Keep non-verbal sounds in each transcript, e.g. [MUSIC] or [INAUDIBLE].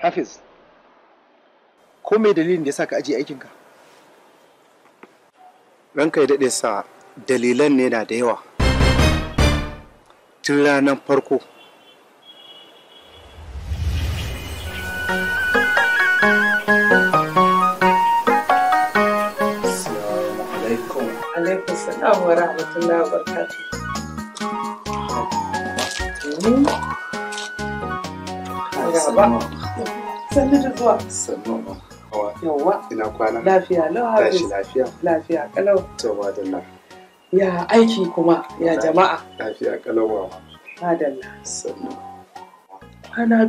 Hafiz, ko mai dalilin da ya sa ka ajiye aikinka? Ranka ya daɗe sa dalilan ne na da yawa. Tun ranar farko. Assalamu wa rahmatullahi wa barakatuh. Gaba. sannu da ina lafiya lafiya lafiya kalau ya aiki kuma ya jama'a lafiya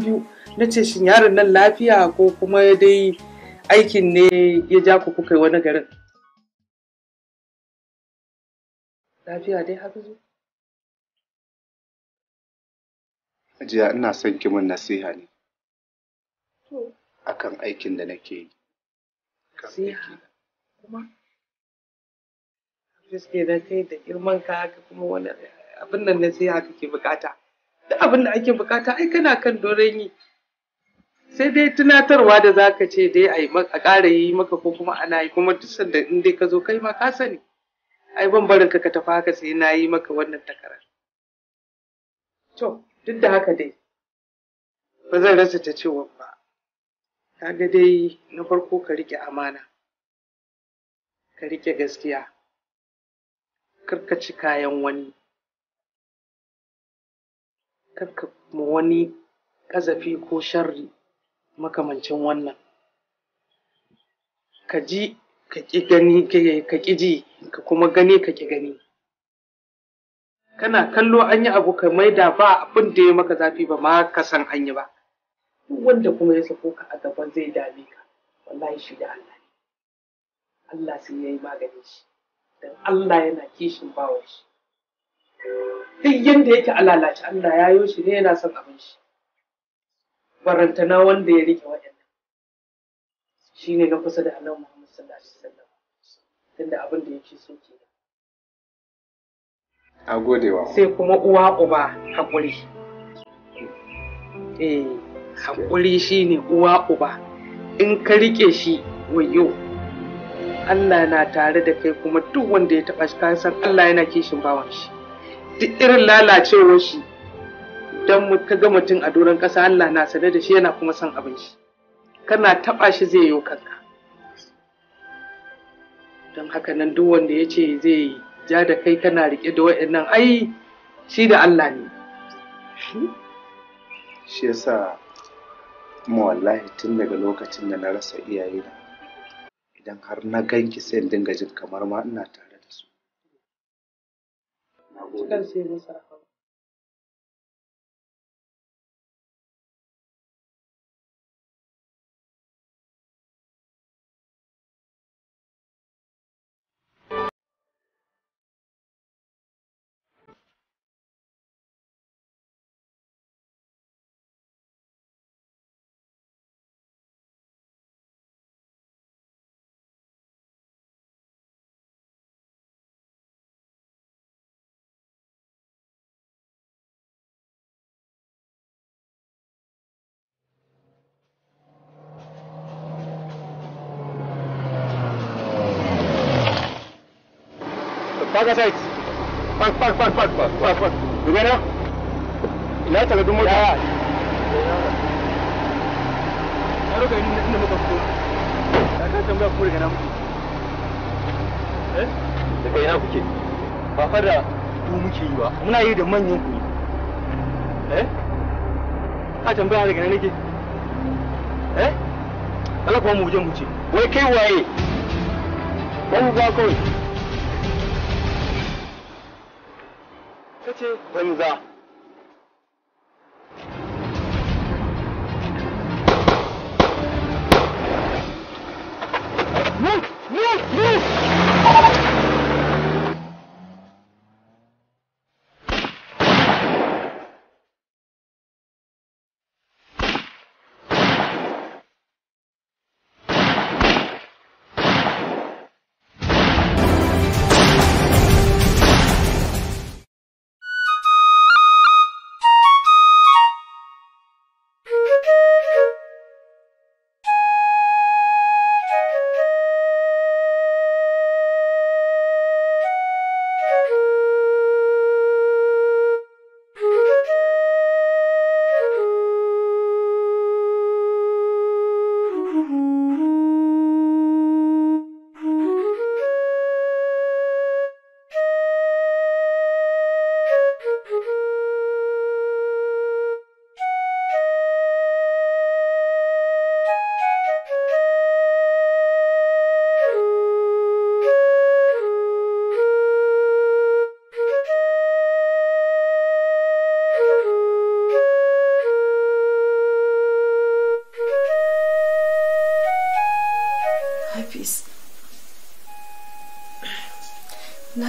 biyu na ce shin yaron nan lafiya ko kuma dai aikin ne ya ja ku kuka wani garin lafiya dai ina son ki mun nasiha ne. akan aikin da nake yi sai kuma suke da kai da girman ka haka kuma wani abin nan na sai haka ke bukata duk abin da ake bukata ai kana kan doron yi sai dai tunatarwa da za ka ce dai a ƙara yi maka ko kuma ana yi kuma duk sanda in dai ka zo kai ma ka sani ai ban barin ka ka tafi haka sai na yi maka wannan takarar to duk da haka dai ba zan rasa ta cewa kaga dai na farko ka riƙe amana ka riƙe gaskiya karkaci ci kayan wani karka kuma wani ƙazafi ko sharri makamancin wannan ka ji ka ƙi gani ka ƙi ji ka kuma gani ka ƙi gani kana kallo an yi abu ka mai da ba abin da ya maka zafi ba ma ka san an yi ba wanda kuma ya sako ka a gaba zai dame ka wallahi shi da Allah ne Allah sai ya yi maganin shi dan Allah yana kishin bawar shi duk yanda yake alalaci Allah ya yo shi ne yana son abin shi barantana wanda ya rike waɗannan shi ne na kusa da annabi Muhammad sallallahu alaihi wasallam tunda abin da yake so ke a godewa sai kuma uwa uba haƙuri eh haƙuri shi ne uwa uba in ka riƙe shi wayo Allah na tare da kai kuma duk wanda ya taɓa shi ka san Allah yana kishin bawan shi duk irin lalacewar shi don ka ga mutum a doron ƙasa Allah na sane da shi yana kuma son abin shi kana taɓa shi zai yi kanka don haka nan duk wanda ya ce zai ja da kai kana riƙe da wa'annan ai shi da Allah ne shi yasa kuma wallahi tun daga lokacin da na rasa iyaye na idan har na ganki sai in dinga jin kamar ma ina tare da su. Na gode. kaga sai pak pak pak pak pak pak pak ya ta ya muka fito da ka tambaya ku na muke eh ina kuke ba fa da ku muke yi ba muna yi da manyan ku eh ka tambaya daga nake eh mu je mu ce wai kai waye 什么意思啊？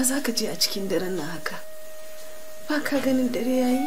za ka je a cikin daren nan haka ba ka ganin dare yayi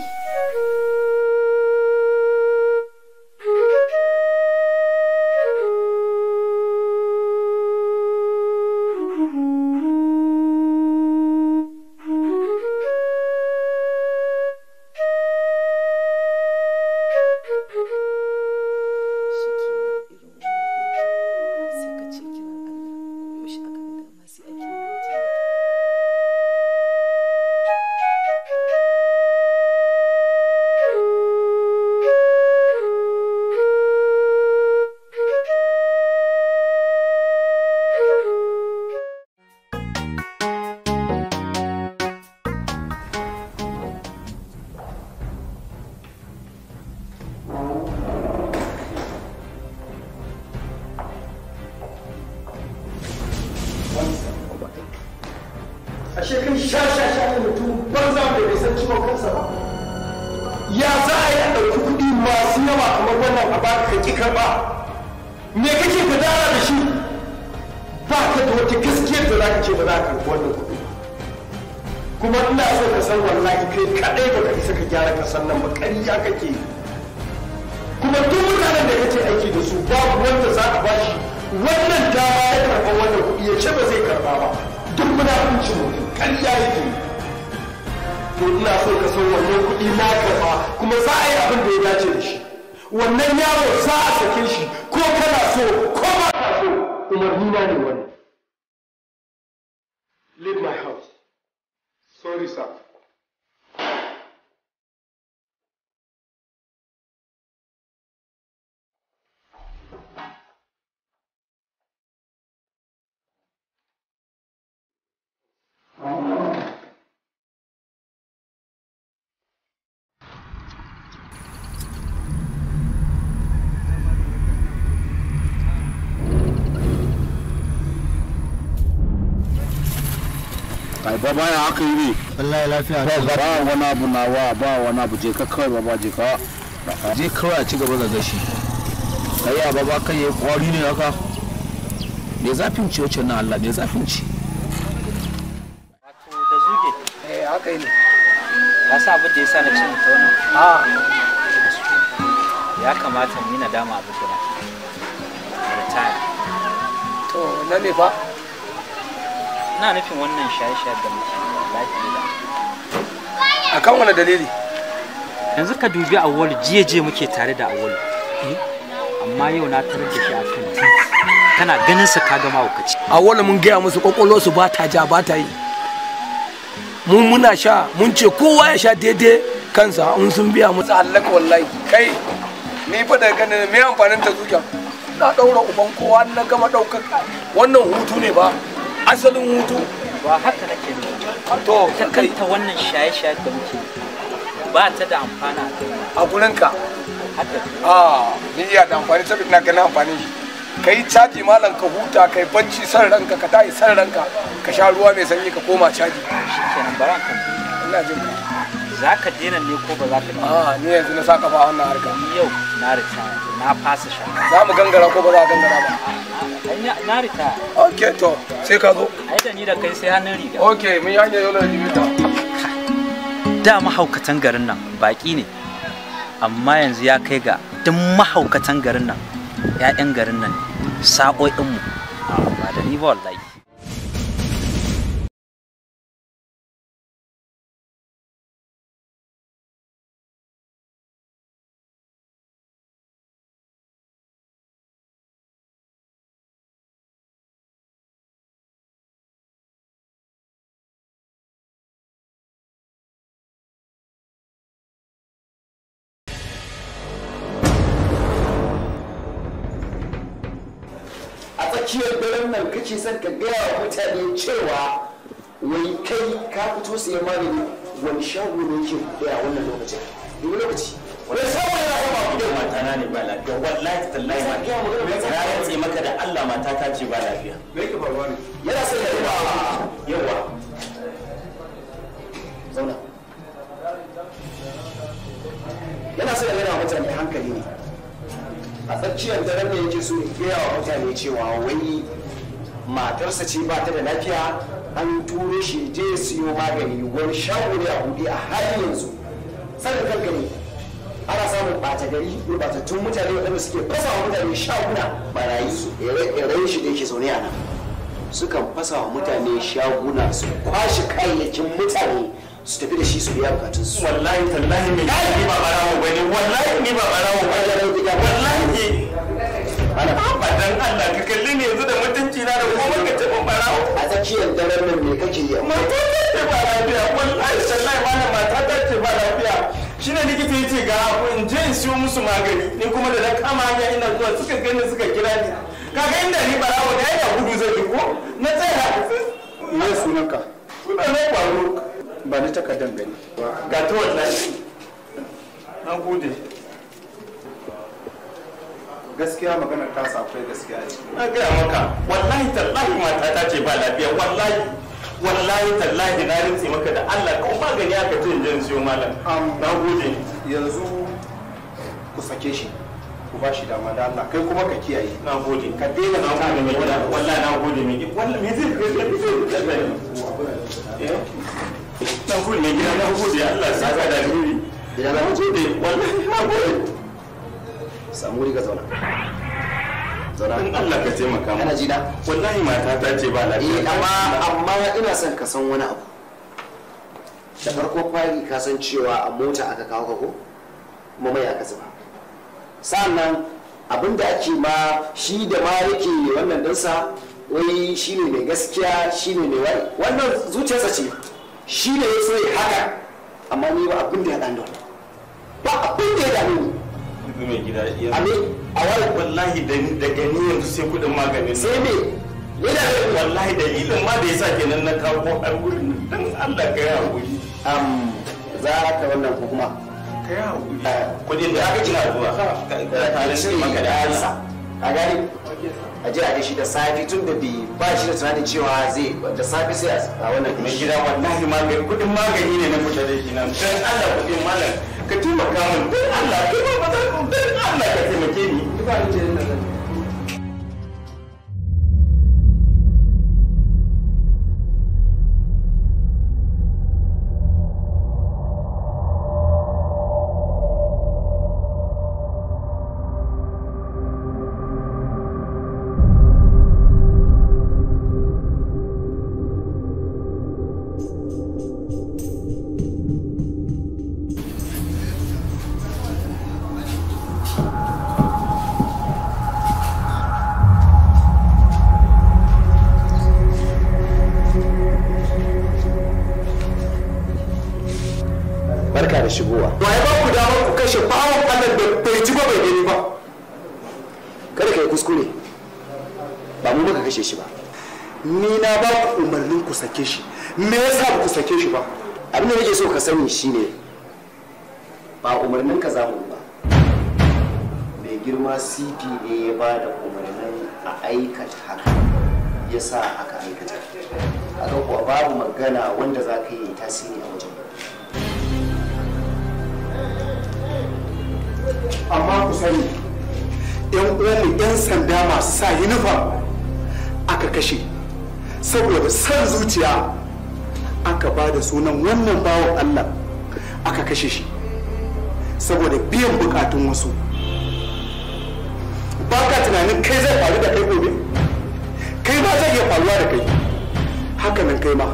zaluncin mutum ƙarya yake to ina so ka san wannan kuɗi na karɓa kuma za a yi abin da ya dace da shi wannan yaro za a sake shi ko kana so ko ba ka so umarni na ne wannan leave my house sorry sir ba ya haka yi ne wallahi lafiya ba ba wani abu na wa ba wani abu je ka kawai baba je ka je kawai a ci gaba da gashi kai ya baba kai ya kwari ne haka me zafin ci wacce na Allah me zafin ci wato da zuge eh haka ne ka sa abu da yasa na cin ta wannan ah. ya kamata mu yi nadama abu da na retire to na ne ba na nufin wannan shaye-shaye da muke lafiya a kan wani dalili yanzu ka dubi awol jiye je muke tare da awol hmm? amma yau na tarar da shi a kan kana ganin sa ka gama wakaci awol mun gaya musu kwakwalwar su ba ta ja ba ta yi mun muna sha mun ce kowa ya sha daidai kansa mun sun biya musu halaka wallahi kai ni fa da ganin me amfanin ta zuciya na daura uban kowa na gama daukar wannan hutu ne ba asalin hutu ba haka nake to ta kanta wannan shaye-shaye da muke ba ta da amfana a gurin ka haka a ni iya da amfani saboda na ganin amfani kai caji malam ka huta kai banci san ranka ka tayi san ranka ka sha ruwa mai sanyi ka koma caji shikenan baran kan ina jin ka za ka dena ne ko ba za ka dena a ah, ni yanzu na saka ba wannan harka yau na rita na fasa sha za mu gangara ko ba za a gangara ba na rita okay to sai ka zo ai da ni da kai sai hannun riga okay mun yi hanyar yola da limita da mahaukatan garin nan baki ne amma yanzu ya kai ga duk mahaukatan garin nan 'ya'yan garin nan sa'o'inmu ah, ba da ni ba wallahi shi sai ka gaya wa mutane cewa wai kai ka fito mani magani wani shago ne yake kuɗi a wannan lokacin dubu lokaci wani shago yana sama gidan mata na ne ba lafiya wallahi tallahi ma na rantse maka da Allah mata ta ce ba lafiya me yake faruwa ne yana son ya ba yawa zauna yana son ya mutane hankali ne a tsakiyar daren da yake so ya gaya wa mutane cewa wani. matarsa ce ba ta da lafiya an turo shi je siyo magani wani shago a buɗe a har yanzu sanin kanka ana samun ɓata gari tun mutane waɗanda suke fasa wa mutane shaguna barayi ire-iren shi da yake zaune a nan sukan fasa wa mutane shaguna su kwashe kayayyakin mutane su tafi da shi su biya bukatun su wallahi tallahi mai ni ba barawo bane wallahi ni ba barawo bane wallahi ana ba dan Allah ka kalli ne yanzu da mutum na da kuma ka tafi barawo a tsakiyar daren nan me kake yi mata ta ce ba lafiya kun aisha lai mana mata ta ce ba lafiya shine likita yace ga ku in je in siyo musu magani ni kuma da na kama hanya ina zuwa suka gani suka kira ni kaga inda ni barawo da ya gudu zai ko na haka. me sunanka sunana kwaro ba ni takardar gani ga ta wallahi na gode gaskiya magana ta akwai gaskiya ce na gaya maka wallahi tallahi mata ta ce ba lafiya wallahi wallahi tallahi na rinse maka da Allah ba gani aka ce in siyo malam na gode yanzu ku sake shi ku ba shi dama da Allah kai kuma ka kiyaye na gode ka daina na gode mai gida wallahi na gode mai gida wallahi me zai kai kai zai eh? na gode mai gida na gode Allah ya saka da guri ya na gode wallahi na gode samu wuri ka zauna zauna in Allah ka taimaka mu Ana ji wallahi mata ta ce ba lafiya eh, amma amma ina son ka san wani abu da farko fari ka san cewa a mota aka kawo ka ko kuma mai aka zuba sa'annan abin da ake ma shi da ma yake wannan dinsa wai shi ne mai gaskiya shi ne mai wari wannan zuciyarsa ce shi ne ya so haka amma ni ba abin da ya dan ba abin da ya dan ni dubu mai gida yanzu a wani wallahi da yanzu sai kudin sai yana da wallahi dalilin ma da yasa kenan na kawo har dan Allah ka hakuri am za ka wannan ka hakuri eh, kudin da aka zuwa ka shi maka da ansa a gari a jira da shi da safi tun da bi ba shi da tunanin cewa zai da safi sai a wannan mai gida wallahi magani kudin magani ne na fita da shi nan dan Allah kudin malam ka taimaka min don Allah ka ba ba za ka don Allah ka taimake ni ba ni ce nan kuskure ba mu muka kashe shi ba ni na ba ku umarnin ku sake shi me yasa ku sake shi ba abin da nake so ka sani shine ba umarnin ka zamu ba mai girma cp ne ya ba da umarnin a aikata haka ya sa aka aikata ga kuwa babu magana wanda za ka yi tasiri a wajen amma ku sani yan uwanmu yan sanda masu sa uniform aka kashe saboda san zuciya aka ba da sunan wannan bawan allah aka kashe shi saboda biyan bukatun wasu ba ka tunanin kai zai faru da kai gobe kai ma zai iya faruwa da kai haka nan kai ma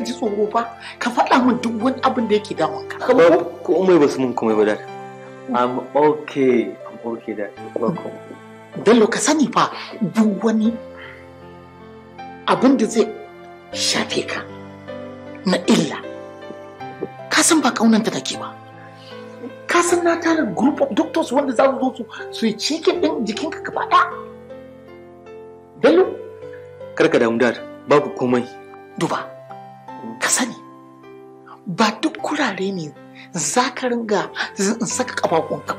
ka ji tsoro ba ka faɗa min duk wani abin da yake damun ka kamar ko mai basu mun komai ba da. i'm okay i'm okay da. welcome dallo ka sani fa duk wani abin da zai shafe ka na illa ka san ba kaunanta take ba ka san na tara group of doctors wanda za su zo su su yi cikin din jikinka gaba ɗaya dallo karka damu dad babu komai duba ka sani ba duk kurare ne za ka ringa saka kafafun ba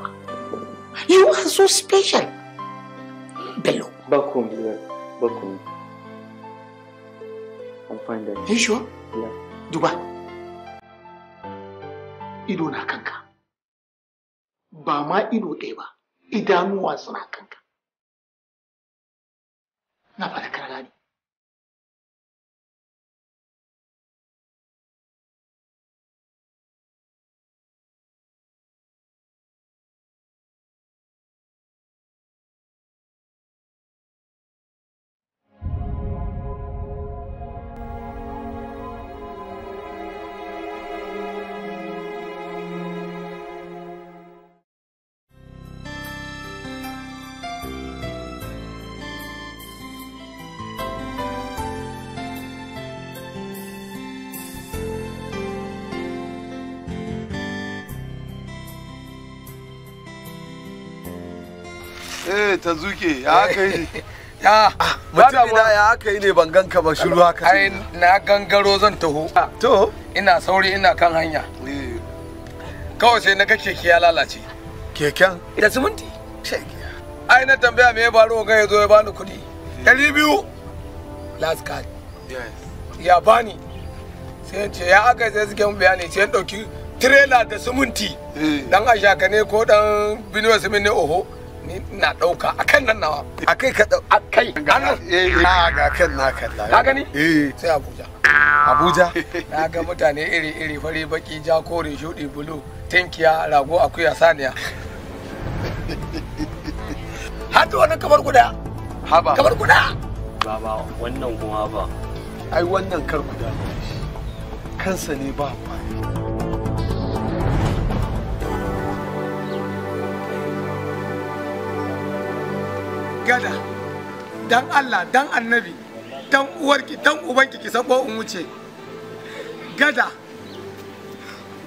you are so special bello ba komai ba komai i'm fine then you sure yeah duba ido na kanka ba ma ido ɗaya ba idanuwa suna kanka na fara kana gani ta zuke ya aka [LAUGHS] yi ah, ya mutum na ya aka yi ne ban ganka ba shiru haka ai na gangaro zan taho ah, to ina sauri ina kan hanya eh. kawai sai na ga keke ya lalace keken da siminti ai na tambaya me ya faru ga ya zo ya bani kuɗi eh. ɗari biyu last card ya bani sai ce ya aka sai suke mun bayani sai ɗauki tirela da siminti eh. dan ashaka ne ko dan binuwa simin ne oho ni na dauka akan nan nawa akai ka akai na eh, eh. ah, ga kan na kalla ka gani eh sai Abuja ah. Abuja [LAUGHS] na ga mutane iri iri fari baki ja kore shudi bulu tinkiya rago akuya saniya [LAUGHS] har da wannan kamar guda haba kamar guda baba wannan kuma ba ai wannan kar guda kansa ne ba ba gada dan Allah dan annabi dan uwarki dan ubanki ki sako in wuce gada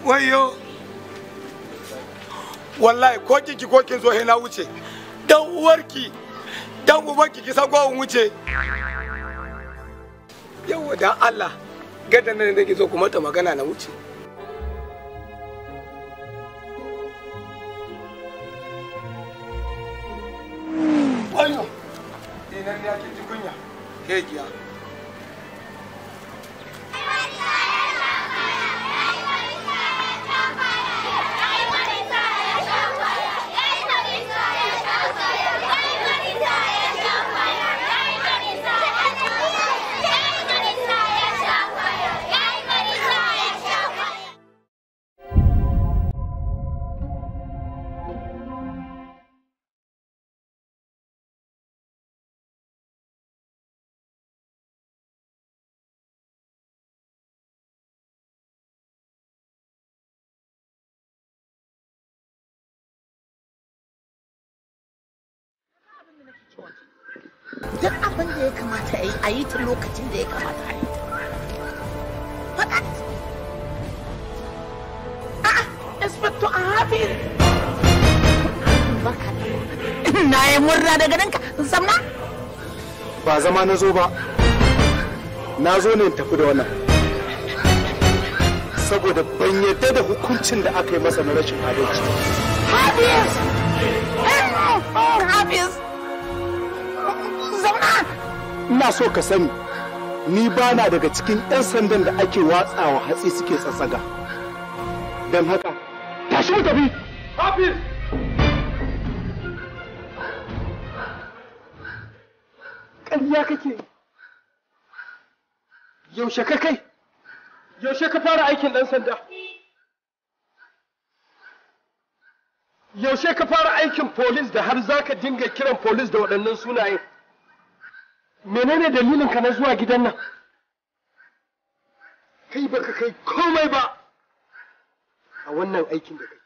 wayo wallahi ko kinki ko kin zo he na wuce dan uwarki dan ubanki ki sako in wuce yawa dan Allah gada nan nake so kuma ta magana na wuce Ayyo. Inan eh, ne ake ji kunya. Hegiya. duk abin da ya kamata a yi a yi ta lokacin da ya kamata a yi faɗa a a hafi barka da na yi murna daga ɗanka zama ba zama na zo ba na zo ne tafi da wannan saboda ban yadda da hukuncin da aka yi masa na rashin adalci Hafiz! Hafiz! ina so ka sani ni ba na daga cikin 'yan sandan da ake watsawa hatsi suke tsatsaga don haka tashi mu tafi hafiz ƙarya kake yaushe ka kai yaushe ka fara aikin ɗan sanda yaushe ka fara aikin polis da har za ka dinga kiran polis da waɗannan sunayen menene dalilin ka na zuwa gidan nan kai baka kai komai ba a wannan aikin da kake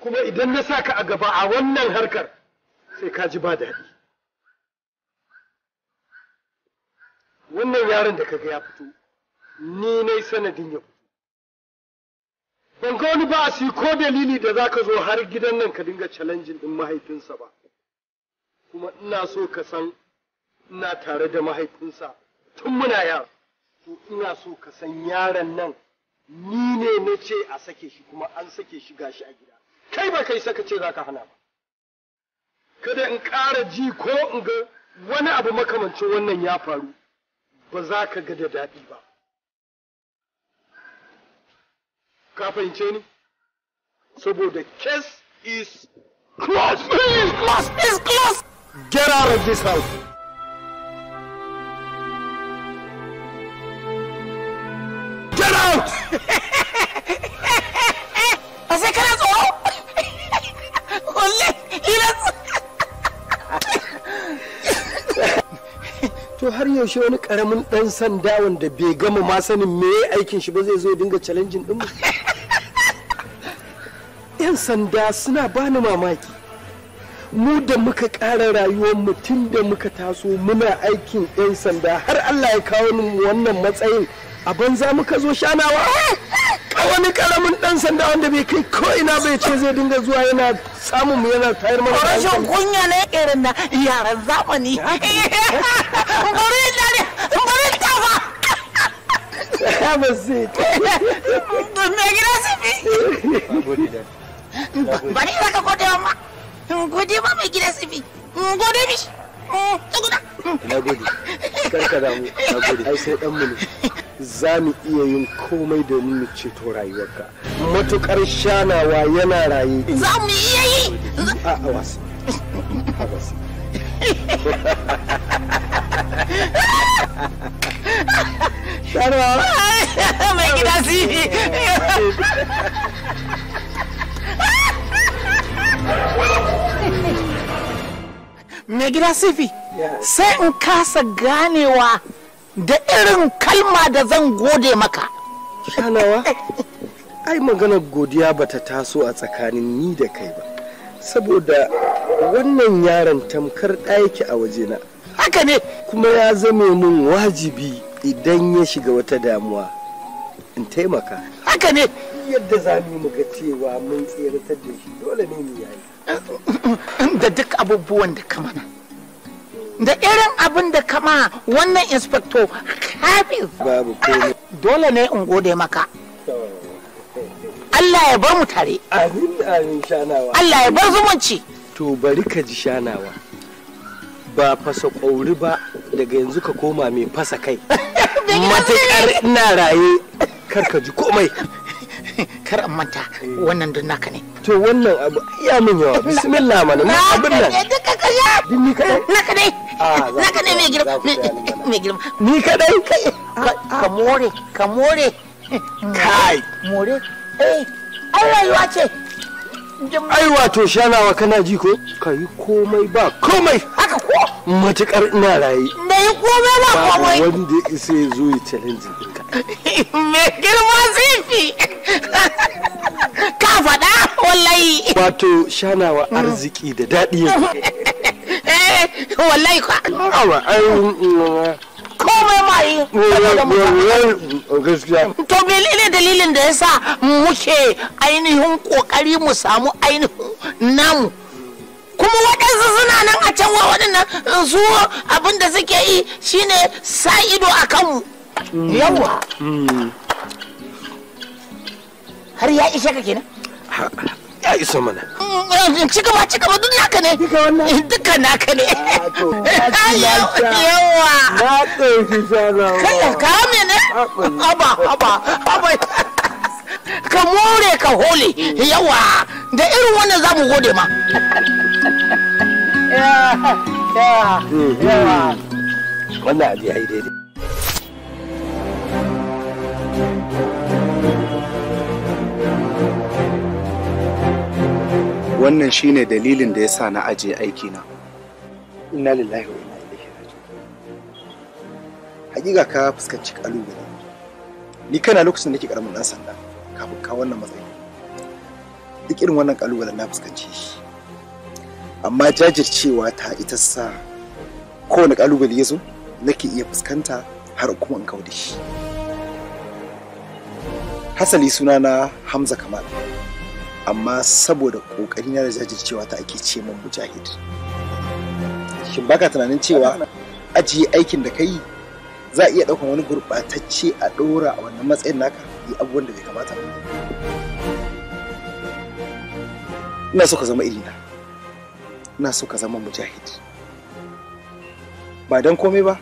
kuma idan na sa ka a gaba a wannan harkar sai ka ji ba daɗi wannan yaron da kaga ya fito ni nai sanadin ya fito ban ga wani ba a ko dalili da za ka zo har gidan nan ka dinga challenging din mahaifinsa ba kuma ina so ka san ina tare da mahaifinsa tun muna yara to ina so ka san yaron nan ni ne na ce a sake shi kuma an sake shi gashi a gida kai ba kai saka ce zaka hana ba kada in ƙara ji ko in ga wani abu makamancin wannan ya faru ba za ka ga da daɗi ba ka fahimce ni saboda case is closed. Close is closed. Get out of this house. out to har yaushe wani karamin dan sanda wanda bai gama ma sanin me aikin shi ba zai zo dinga challenging din mu yan sanda suna bani mamaki mu da muka ƙara rayuwar mutum da muka taso muna aikin yan sanda har Allah ya kawo wannan matsayin a banza muka zo shanawa a wani karamin dan sanda wanda bai kai ko ina bai ce zai dinga zuwa yana samun mu yana tayar mana rashin kunya ne irin na yaran zamani [LAUGHS] bari dare bari tafa ya basit me gida su fi bari ka gode ma gode ma mai gida su fi gode mi na gode kar ka damu na gode ai sai dan mu ne za mu iya yin komai domin mu ceto rayuwarka matukar shanawa yana raye za mu iya yi a [LAUGHS] mai gida si mai sifi sai in kasa ganewa da irin kalma da zan gode maka shanawa ai maganar godiya bata taso a tsakanin ni da kai ba saboda wannan yaron tamkar ɗaki a wajena haka ne kuma ya zame min wajibi idan ya shiga wata damuwa in taimaka haka ne yadda za mu ga cewa mun tseratar da shi dole ne mu yayi da duk abubuwan da ka da irin abin da kama wannan inspector hafiz dole ne in gode maka Allah ya bar mu tare shanawa Allah ya bar zumunci to bari ka ji shanawa ba fasa kwauri ba daga yanzu ka koma mai fasa kai [LAUGHS] matuƙar ina raye kar ka ji komai [LAUGHS] kar an manta wannan don naka ne to wannan abu ya min yawa bismillah mana na abin nan duka ka ne ni kadai na Ah, za ka ne mai girma girma ni ah, ah. ka more ka more kai more eh ai wato shanawa kana ji ko ka komai ba komai haka ko raye ba komai wanda isa ya challenge [LAUGHS] me girma zifi ka faɗa wallahi wato shanawa arziki da daɗi yanzu [LAUGHS] [LAUGHS] wallahi ka mm, komai ma yi mm, mm, to menene dalilin da yasa muke ainihin kokari mu samu ainihin namu kuma waɗansu suna nan a can wa waɗannan su abin da suke yi shine sa ido a kanmu yawa har ya ishe ka kenan ya iso mana ci gaba ci gaba duk naka ne duka naka ne ah, [LAUGHS] yawa na ɗauki sanawa kada ka ne? aba aba aba ka more ka hole yawa da irin wannan za mu gode ma [LAUGHS] yawa yawa wannan abu ya yi daidai wannan shine dalilin da ya sa na ajiye aikina inna lillahi wa inna ilaihi raji'un hakika ka fuskanci kalubale ni kana lokacin da nake karamin dan sanda kafin ka wannan matsayi duk irin wannan ƙalubale na fuskanci shi amma jajircewa ta ita sa kowane kalubale ya zo nake iya fuskanta har kuma in kawo da shi hasali sunana hamza kamal amma saboda na da jajircewa ta ake ce min mujahid shin baka tunanin cewa ajiye aikin da ka yi za iya ɗaukan wani gurɓatacce a ɗora a wannan matsayin naka yi abubuwan da bai kamata ina so ka zama irina ina so ka zama mujahid ba don komai ba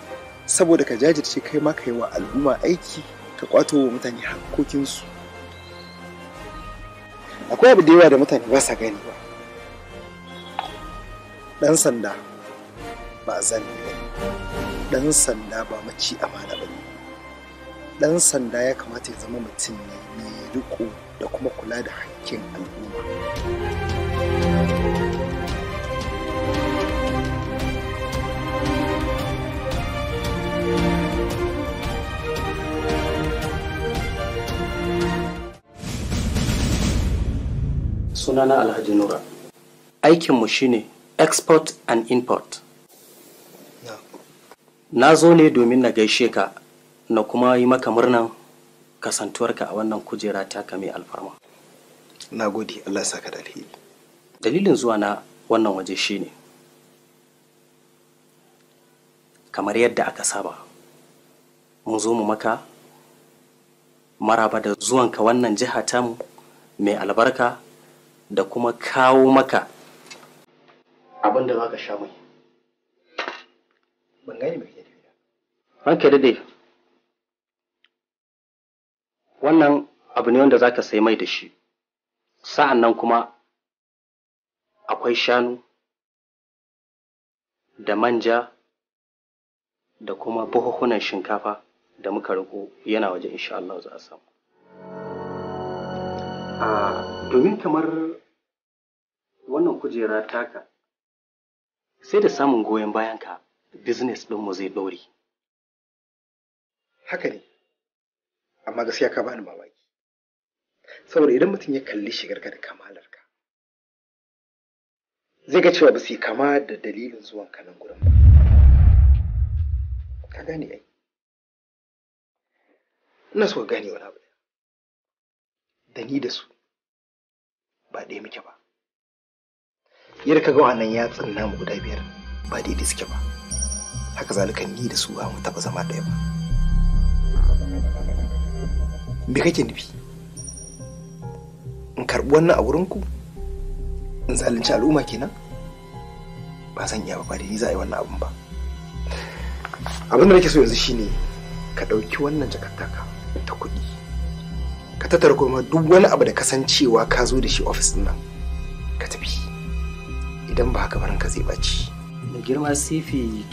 saboda ka jajirce kai ma ka yi wa al'umma aiki ka kwato wa mutane hakkokinsu akwai abu da yawa da mutane ba sa gani ba ɗan sanda ba zan ba ɗan sanda ba maci amana ba ɗan sanda ya kamata ya zama mutum ne mai riko da kuma kula da hakkin al'umma sunana alhaji nura aikinmu shine export and import na zo ne domin na gaishe ka na kuma yi maka murnan kasantuwarka a wannan kujera taka mai alfarma na gode allah saka da alheri dalilin zuwa na wannan waje shine kamar yadda aka saba mun zo mu maka maraba da zuwanka wannan jiha tamu mai albarka da kuma kawo maka abin da za sha mai ban ba da dai wannan abu ne wanda za ka sai mai da shi sa'an nan kuma akwai shanu da manja da kuma buhuhunan shinkafa da muka riko yana waje insha Allah za a samu. Ah, domin kamar kujera taka sai da samun goyon bayanka business mu zai ɗore. Haka ne, amma gaskiya ka bani mamaki. Saboda idan mutum ya kalli shigarka da kamalarka, zai ga cewa ba su kama da dalilin zuwan nan gurin ba. Ka gane ai. Ina so gane wani abu da ni da su ba ɗaya muke ba. yadda ka ga wannan tsanna namu guda biyar ba daidai suke ba haka zalika ni da su mu taba zama ɗaya ba me kake nufi in karɓi wannan a wurinku in zalunci al'umma kenan ba zan iya ba ba daidai za a yi wannan abun ba abin da nake so yanzu shine ka ɗauki wannan jakattaka ta kuɗi ka tattara kuma duk wani abu da kasancewa ka zo da shi ofis nan ka tafi idan ba haka barin ka zai baci da girma sifi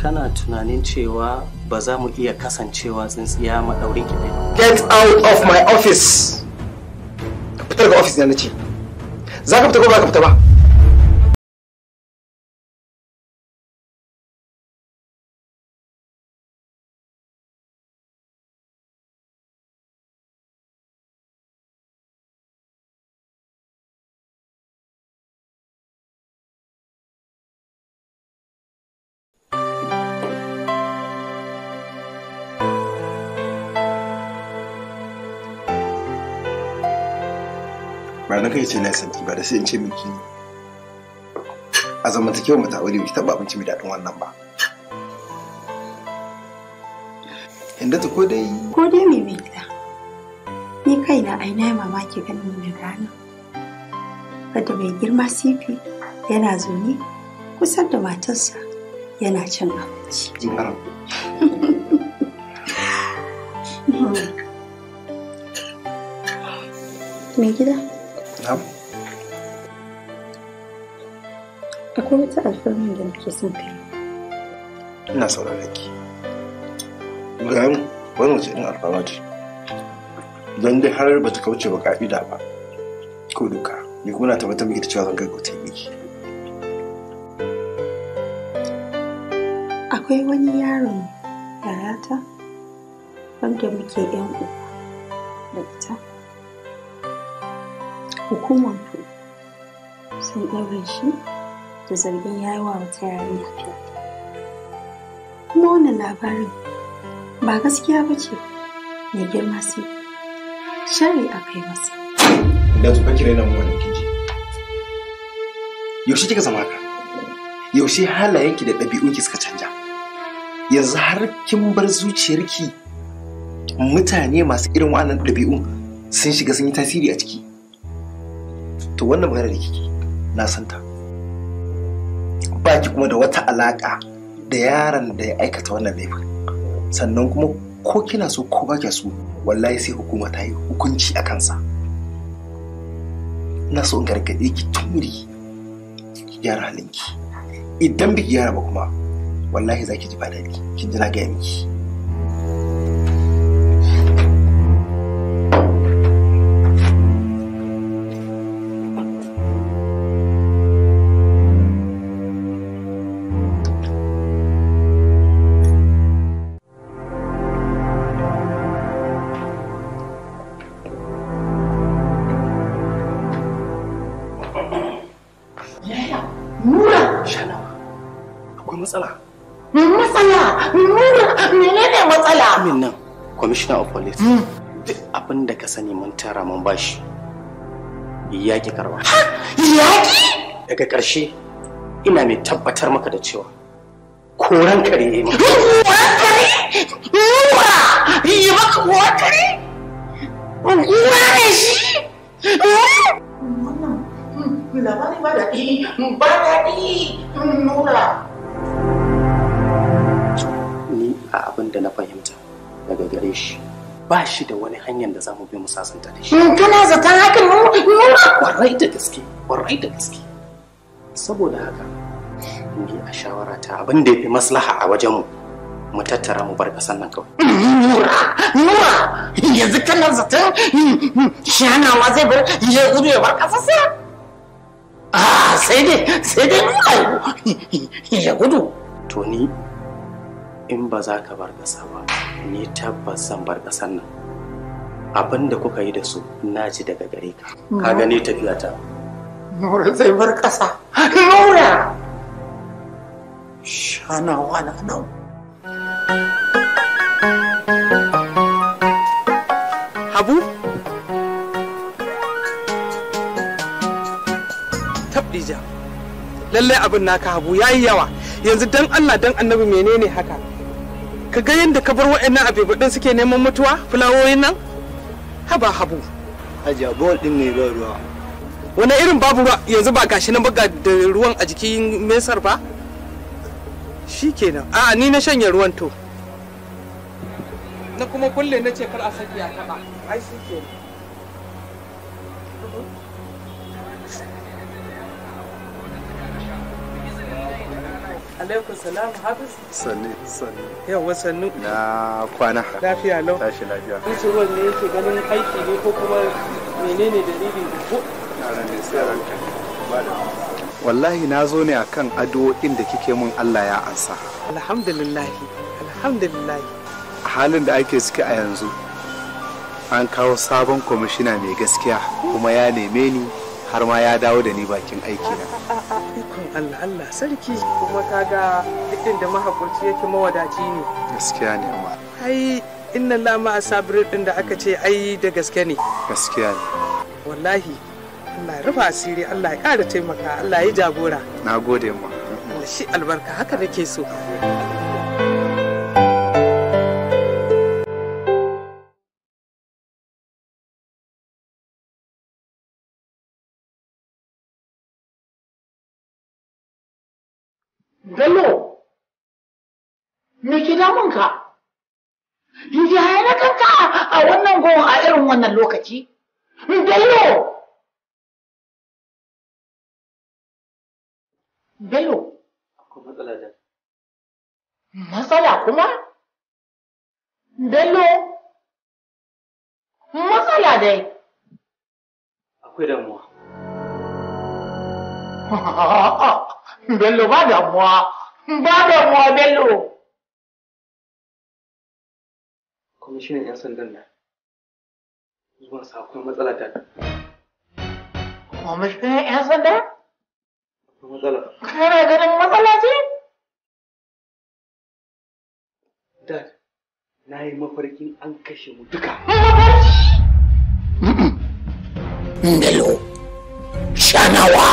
kana tunanin cewa ba za mu iya kasancewa tsintsiya maɗaurin ki get out of my office fitar ga office na ce za ka fita ko ba ka fita ba ba kai ce na santi ba da sai in ce miki a take mata wuri ki taba abinci mai daɗin wannan ba inda ta ko dai ko dai mai mai gida ni kaina aina ya mamaki ganin mai rana wadda mai girma sifi yana zaune kusa da matarsa yana cin abinci Me [LAUGHS] gida Akwai wata alfarmar da nake son kai. Ina sauraron ki. Ga wani wace irin alfarma ce. Don dai har ba ta kauce ba ka'ida ba. Ko doka. Ni kuma na tabbatar miki da cewa zan kai ko miki. Akwai wani yaron yayata wanda muke 'yan uku da ita. hukumar ku sun ɗaure shi da zargin ya yi wa wata yarinya fyaɗe kuma wannan labarin ba gaskiya ba ce mai girma sai shari a kai masa da tuka kira nan wani kiji yaushe kika zama ka yaushe halayenki da ɗabi'unki suka canja yanzu har kin bar zuciyarki mutane masu irin wa'annan ɗabi'un sun shiga sun yi tasiri a ciki to wannan maganar da kike na san ta ba kuma da wata alaka da yaron da ya aikata wannan laifin sannan kuma ko kina so ko ba so wallahi sai hukuma ta yi hukunci a kansa ina so in gargaɗe ki tumuri ki gyara halinki idan biki gyara ba kuma wallahi za ki ji ba daɗi kin ji na gaya miki ƙarshe ina mai tabbatar maka da cewa koran kare ya yi maka. Koran kare? Nuwa! Yi maka koran kare? Wani ne shi? Wannan labari ba daɗi, ba daɗi, Nura. Ni a abin da na fahimta daga gare shi. ba shi da wani hanyar da za mu bi mu sasanta da shi. Kana zaton hakan mu? Warai da gaske, warai da gaske. saboda haka ni a shawara ta abin da ya fi maslaha a wajenmu mu tattara mu bar kasan nan kawai nura nura yanzu kana zaton hmm, hmm, shanawa zai bar ya gudu ya bar sa? ah sai dai sai dai nura [LAUGHS] ya gudu to ni in ba za ka bar kasa ba ni tabbas zan bar kasan nan abin da kuka yi da su na ji daga gare ka ka hmm. gane tafiya ta Nura zai bar ƙasa. Nura! Shana wala nau. Habu? Tabdija. Lallai abin naka habu ya yi yawa. Yanzu dan Allah dan annabi menene haka? Ka ga yadda ka bar waɗannan ɗin suke neman mutuwa fulawoyin nan? Haba habu. Hajiya, bol ɗin ne ba ruwa. wani irin babu ruwa yanzu ba gashi na buga da ruwan a jikin mesar ba shi kenan a ni na shanye ruwan to na kuma kulle na ce kar a sakiya a taɓa ai shi kenan alaikum salam hafiz sanni sanni Yau sannu na kwana lafiya lau tashi lafiya ruwan ne yake ganin aiki ne ko kuma menene dalilin ko wallahi na zo ne akan addu'o'in da kike mun Allah ya ansa alhamdulillah alhamdulillah a halin da ake ciki a yanzu an kawo sabon kwamishina mai gaskiya kuma ya neme ni har ma ya dawo da ni bakin aiki na ikon Allah Allah sarki kuma kaga duk inda mahakurci yake mawadaci ne gaskiya ne amma ai inna lama asabirin din da aka ce ai da gaske ne gaskiya ne wallahi Allah ya rufa asiri Allah ya ƙara taimaka Allah ya jagora na gode ma shi albarka haka nake so Bello, me ke damunka? Yaya na kanka a wannan gowon a irin wannan lokaci? Bello! Bello. Akwai matsala da. Matsala kuma? Bello. Matsala dai. Akwai damuwa. [LAUGHS] Bello ba damuwa. Ba damuwa Bello. Kwamishinan 'yan sandan nan. Zuwan sa akwai matsala da. Kwamishinan 'yan sandan? matsala kana ganin matsala ce dad na yi mafarkin an kashe mu duka mafarki ngalo shanawa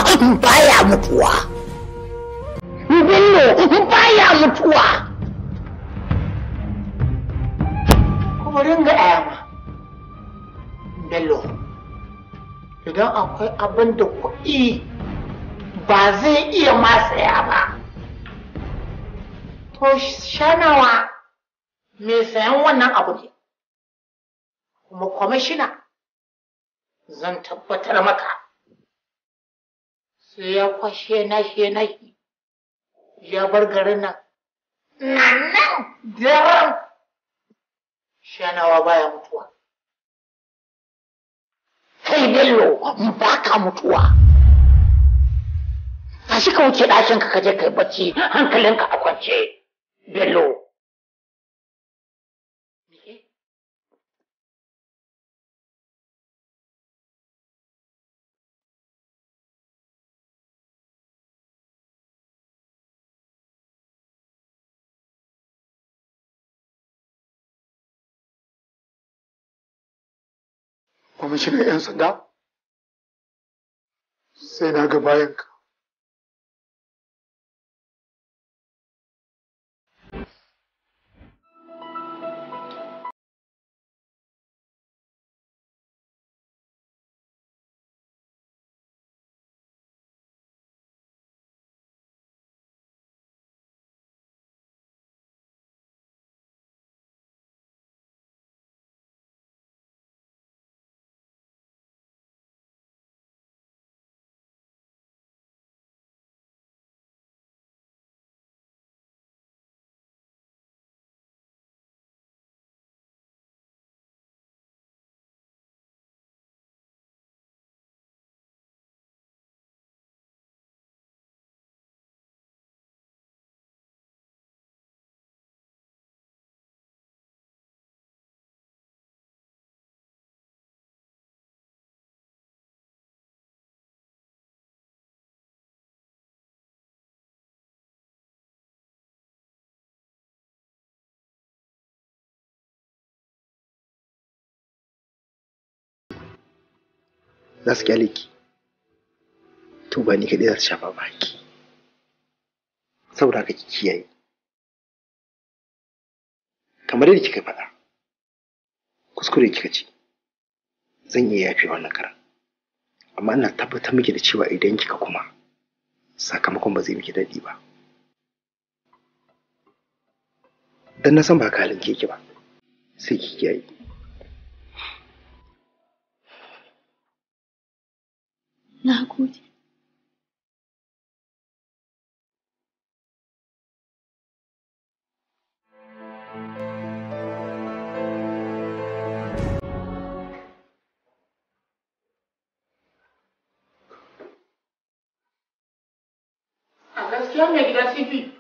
baya mutuwa bello baya mutuwa kuma ringa ayama bello idan akwai abin da kuɗi ba zai iya masaya ba to shanawa mai sayan wannan abu ne kuma kwamishina zan tabbatar maka sai ya kwashe na shi na ya bar garin nan nan nan daren shanawa baya mutuwa kai bello ba ka mutuwa tashi ka wuce ɗakin ka kaje kai bacci hankalinka a kwance bello kwamishinan 'yan sanda sai na ga bayanka za su kyale ki to ba ni kaɗai za su shafa baki saboda haka ki kiyaye kamar yadda kika faɗa kuskure kika ce zan iya yafe wannan karan amma ina tabbatar miki da cewa idan kika kuma sakamakon ba zai miki daɗi ba dan na san ba kalin halin keke ba sai ki kiyaye 那估计，阿拉乡下人自己，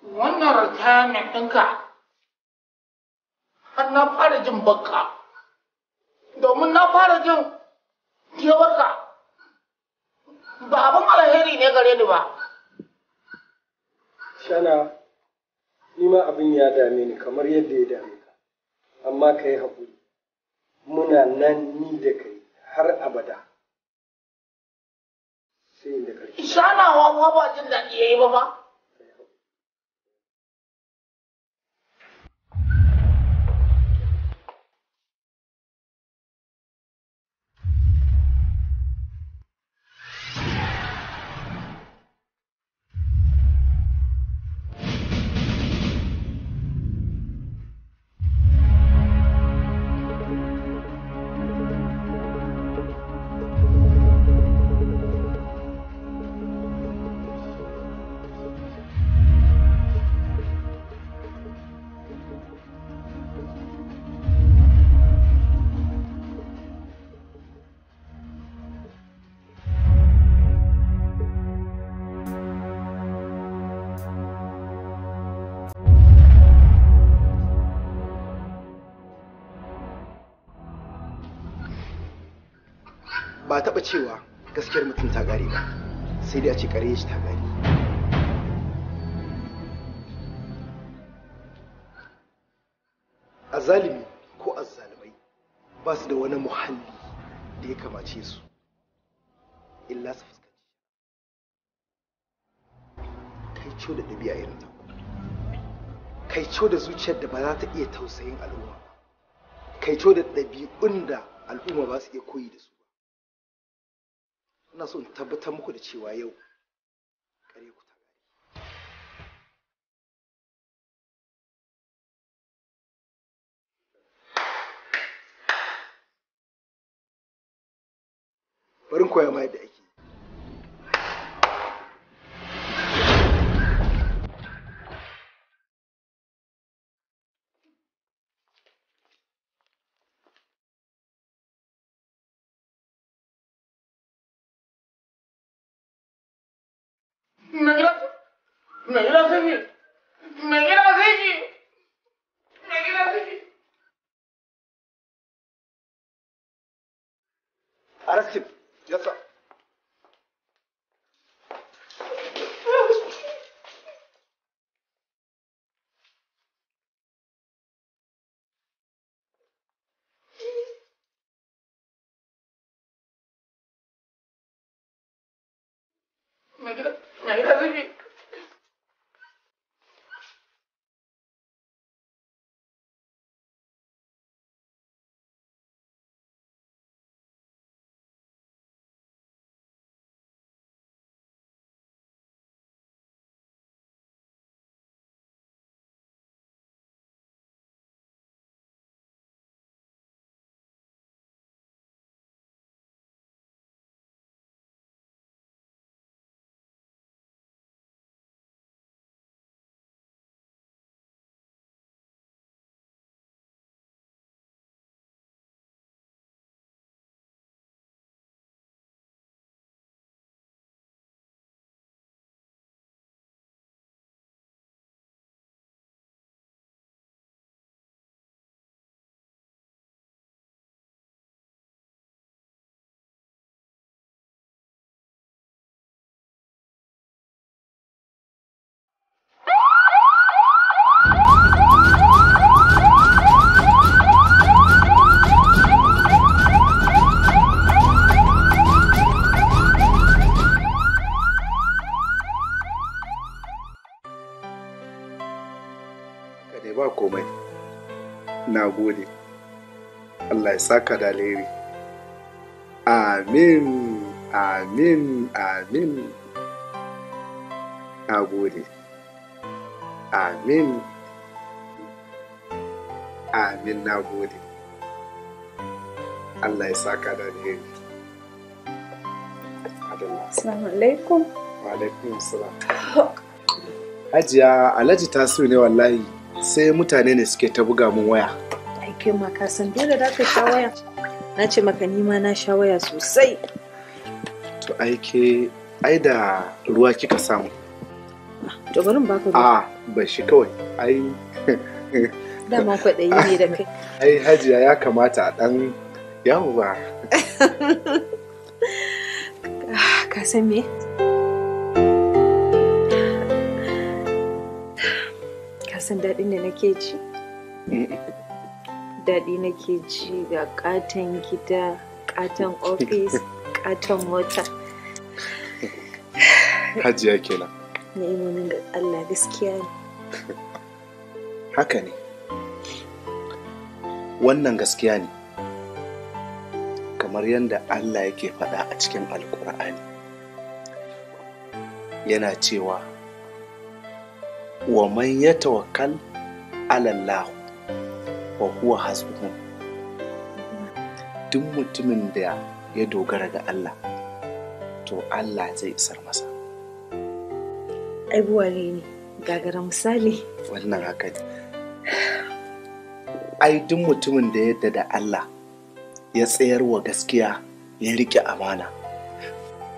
我们老家没灯卡。ba taɓa cewa gaskiyar mutum ta ƙare ba sai dai a ce ƙare shi ta ƙare zalimi ko a zalimai ba su da wani muhalli da ya kamace su illa su fuskanci kai ciwo da ɗabi'a irin ta kai ciwo da zuciyar da ba za ta iya tausayin al'umma kai ciwo da ɗabi'un da al'umma ba su iya koyi da su ina so in tabbatar muku da cewa yau ƙarya ta bari koya ma yadda Allah ya saka da alheri amin amin amin na gode amin amin na gode Allah ya saka da alheri Assalamu alaikum. Wa alaikum salam. Hajiya Alhaji Tasiru ne wallahi sai mutane ne suke ta buga mun waya. kai ma ka san dole da ka sha waya na ce maka ni ma na sha waya sosai to ai ke ai da ruwa kika samu to garin ba ka a ba shi kawai ai [LAUGHS] dama kwaɗayi ne da kai [LAUGHS] ai hajiya ya kamata a ɗan yawo ba [LAUGHS] ka san me ka san daɗin da nake ji daɗi nake ji ga katon gida katon ofis katon [LAUGHS] mota hajiya kenan imanin ga allah gaskiya ne haka ne wannan gaskiya ne kamar yadda allah yake faɗa a cikin alkur'ani yana cewa wa man ya tawakkal alallahu wa huwa hasbuhum duk mutumin da ya dogara ga Allah to Allah zai isar masa aibuwa ne gagara misali wannan haka ai duk mutumin da yadda da Allah ya tsayar wa gaskiya ya rike amana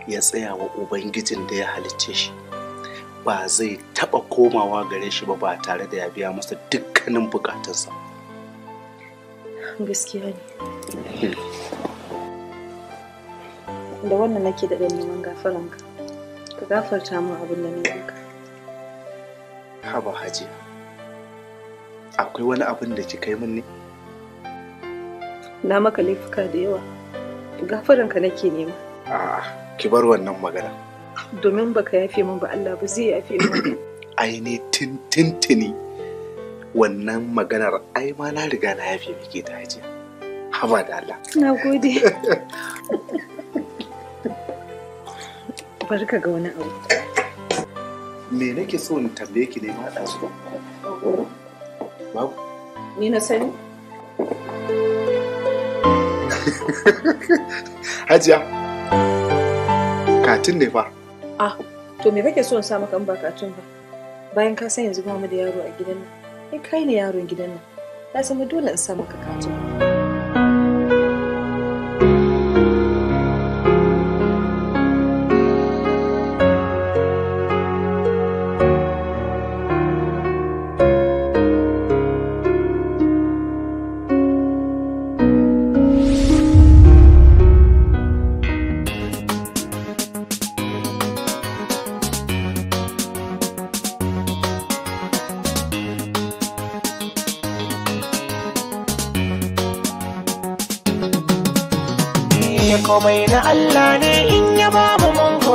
ya tsaya wa ubangijin da ya halicce shi ba zai taɓa komawa gare shi ba ba tare da ya biya masa dukkanin bukatunsa. gaskiya ne hmm. da wannan nake da neman gafaranka ka gafarta min abin da ne ka haba Haji, akwai wani abin da kika kai min ne na maka laifuka da yawa gafaranka nake nema a'a ki bar wannan magana domin baka yafe min ba Allah ba zai yafe min ai ne tintintini wannan maganar ai ma na riga na yafe muke ta haji haba da Allah na gode barka ga wani abu me nake so in tambaye ki ne ma da su babu ni na sani [LAUGHS] hajiya katin ne fa ah to me kake so in sa maka in ba katun ba bayan ka san yanzu ba mu da yaro a gidan nan kai ne yaron gidan nan na zama dole in sa maka kato.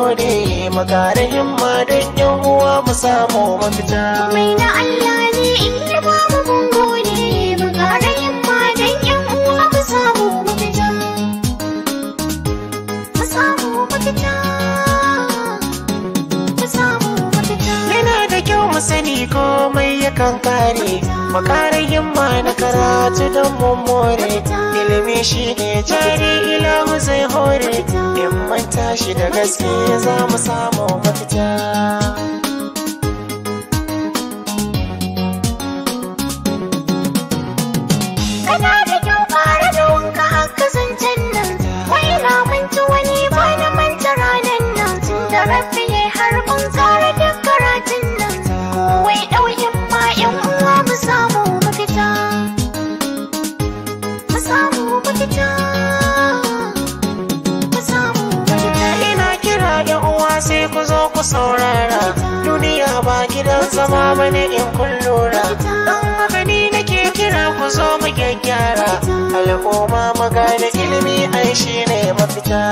gode mu kare himma don yan uwa mu samu mafita mai na Allah ne in ya ba mu mun gode mu kare himma don yan uwa mu samu mafita mu samu mafita mu samu mafita yana da kyau mu sani komai yakan kare yin himma na karatu don mummore ilimi shi ne jari ilahu zai hore in manta shi da gaske za mu samu mafita sai ku zo ku saurara duniya ba gidan zama bane in kun lura Dan magani nake kira ku zo mu gyaggyara al'umma magana ilimi ai shine mafita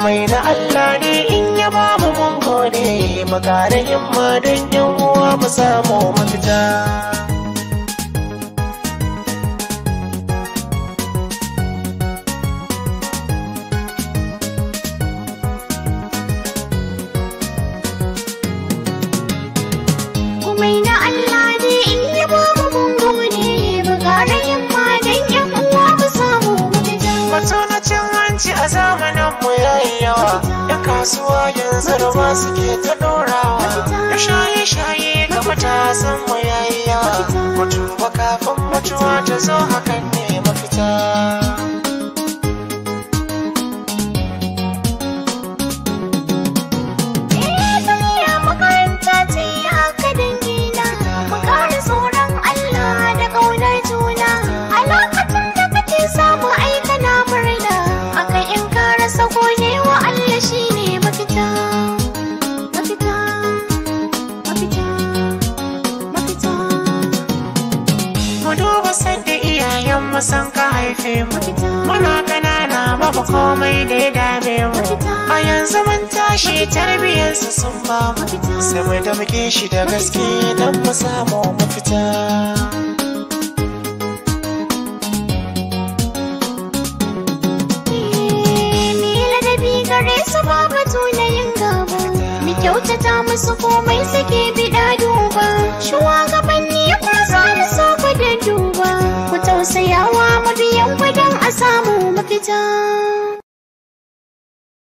mai na Allah ne in ya ba mu mun gode magana ƙara himma don yan uwa mu samu mafita mutu ba kafin mutuwa ta zo hakan sai mu damke shi da gaske don mu samu mafita kyautata musu komai suke biɗa duba shugabanni ku zo da sofa da duba ku tausayawa mabiyan gudan a samu mafita